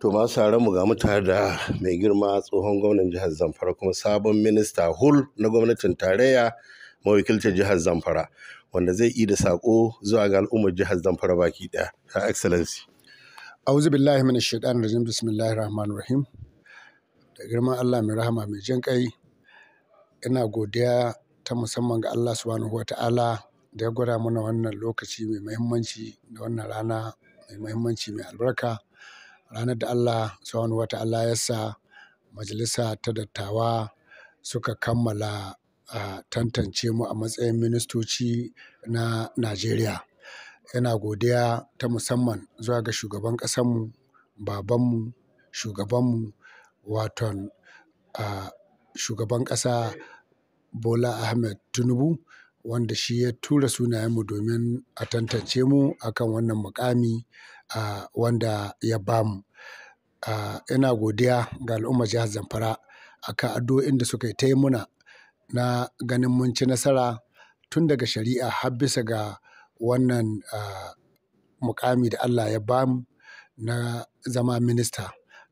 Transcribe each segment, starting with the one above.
To masu mu ga mutane da mai girma tsohon gwamnan jihar Zamfara kuma sabon minista hul na gwamnatin tarayya mawakilcin jihar Zamfara wanda zai yi da sako zuwa ga al'ummar jihar Zamfara baki daya. Her Excellency. Auzu billahi min shaitanir rajim bismillahir rahmanir rahim. Da girman Allah mai rahama mai jin kai ina godiya ta musamman ga Allah subhanahu ta'ala da ya gwada mana wannan lokaci mai muhimmanci da wannan rana mai muhimmanci mai albarka. ranar da Allah tsawon wata Allah ya sa majalisa ta dattawa suka kammala a tantance mu a matsayin ministoci na Najeriya. Yana godiya ta musamman zuwa ga shugaban ƙasanmu, babanmu, shugabanmu, waton shugaban ƙasa Bola Ahmed Tinubu wanda shi ya tura sunayenmu domin a tantance mu akan wannan mukami wanda ya bamu. ina godiya ga al'umma jihar Zamfara akan addu'o'in da suka yi muna na ganin mun ci nasara tun daga shari'a har bisa ga wannan mukami da Allah ya bamu na zama minista.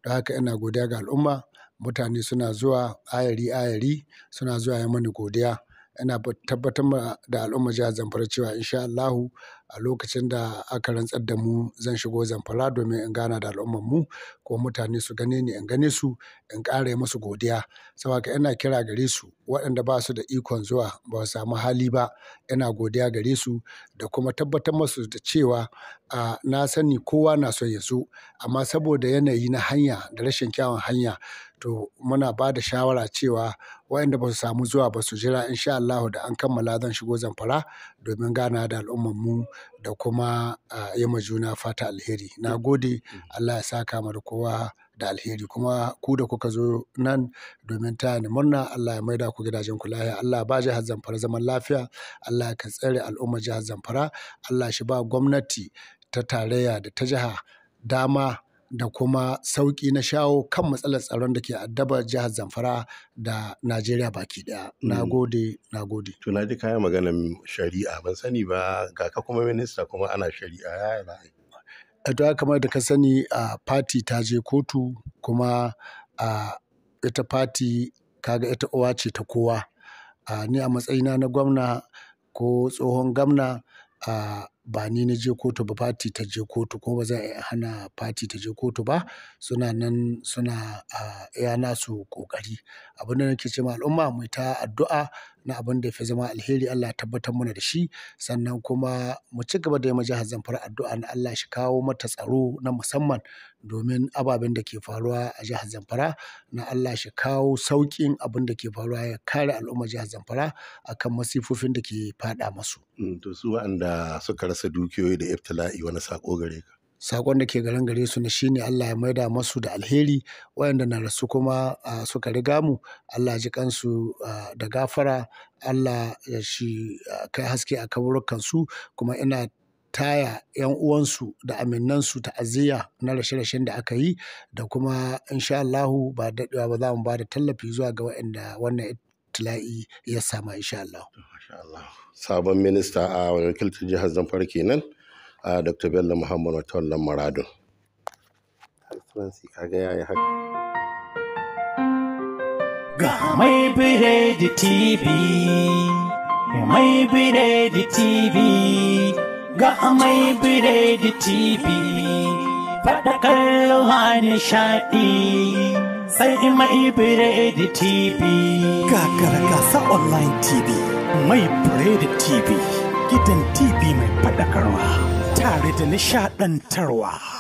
Don haka ina godiya ga al'umma mutane suna zuwa ayari ayari suna zuwa ya mani godiya. Yana tabbatar da al'umma jihar Zamfara cewa insha Allahu a lokacin da aka rantsar da mu zan shigo zamfara domin in gana da al'ummar mu ko mutane su gane ni in gane su in ƙara musu godiya saboda ina kira gare su waɗanda ba su da ikon zuwa ba su samu hali ba ina godiya gare su da kuma tabbatar musu da cewa a na sani kowa na son ya zo amma saboda yanayi na hanya da rashin kyawun hanya to muna ba da shawara cewa waɗanda ba su samu zuwa ba su jira insha Allah da an kammala zan shigo zamfara domin gana da al'ummar mu da kuma yi ma juna fata alheri. Na gode mm. Allah ya saka mu da kowa da alheri kuma ku da kuka zo nan domin taya ni murna Allah ya maida ku gidajen ku lafiya. Allah ba jihar Zamfara zaman lafiya. Allah ka tsare al'ummar jihar Zamfara. Allah shi ba gwamnati ta tarayya da ta jiha dama da kuma sauƙi na shawo kan matsalar tsaron da ke addabar jihar Zamfara da Najeriya baki ɗaya. Na mm. gode, na gode. To na ji kayan maganar shari'a ban sani ba ga ka kuma minista kuma ana shari'a ya yi eh, a kamar da ka sani a fati ta je kotu kuma a ita fati kaga ita uwa ce ta kowa. Ni a matsayina na gwamna ko tsohon gwamna a ba ni na je kotu ba fati ta je kotu ko ba za a hana fati ta je kotu ba suna nan suna a ah, iya nasu ƙoƙari. abinda nake ce ma al'umma mu ta addu'a na abin da ya fi zama alheri Allah tabbatar mana da shi sannan kuma mu ci gaba da yi jihar Zamfara addu'a na Allah shi kawo mata tsaro na musamman domin ababen da ke faruwa a jihar Zamfara na Allah shi kawo sauƙin abin da ke faruwa ya kare al'ummar jihar Zamfara akan masifofin da ke fada masu. Mm, to su waɗanda suka rasa dukiyoyi da iftila'i wani sako gare ka. sakon da ke garin gare su ne shine Allah ya maida masu da alheri wayanda na rasu kuma suka riga mu Allah ji kansu da gafara Allah ya shi kai haske a kaburukan su kuma ina taya 'yan uwansu da ta ta'aziyya na rashe-rashen da aka yi da kuma insha Allahu ba daɗewa ba za mu ba da tallafi zuwa ga waɗanda wannan itila'i ya sama insha Allah. Sabon minista a wakiltar jihar Zamfara kenan. a dr bello muhammad watollan maradun ga mai biredi tv mai biredi tv ga mai biredi tv faɗa kalluwa nishaɗi sai mai biredi tv kakara gasa online tv mai biredi tv gidan tv mai faɗakarwa tare da nishaɗantarwa.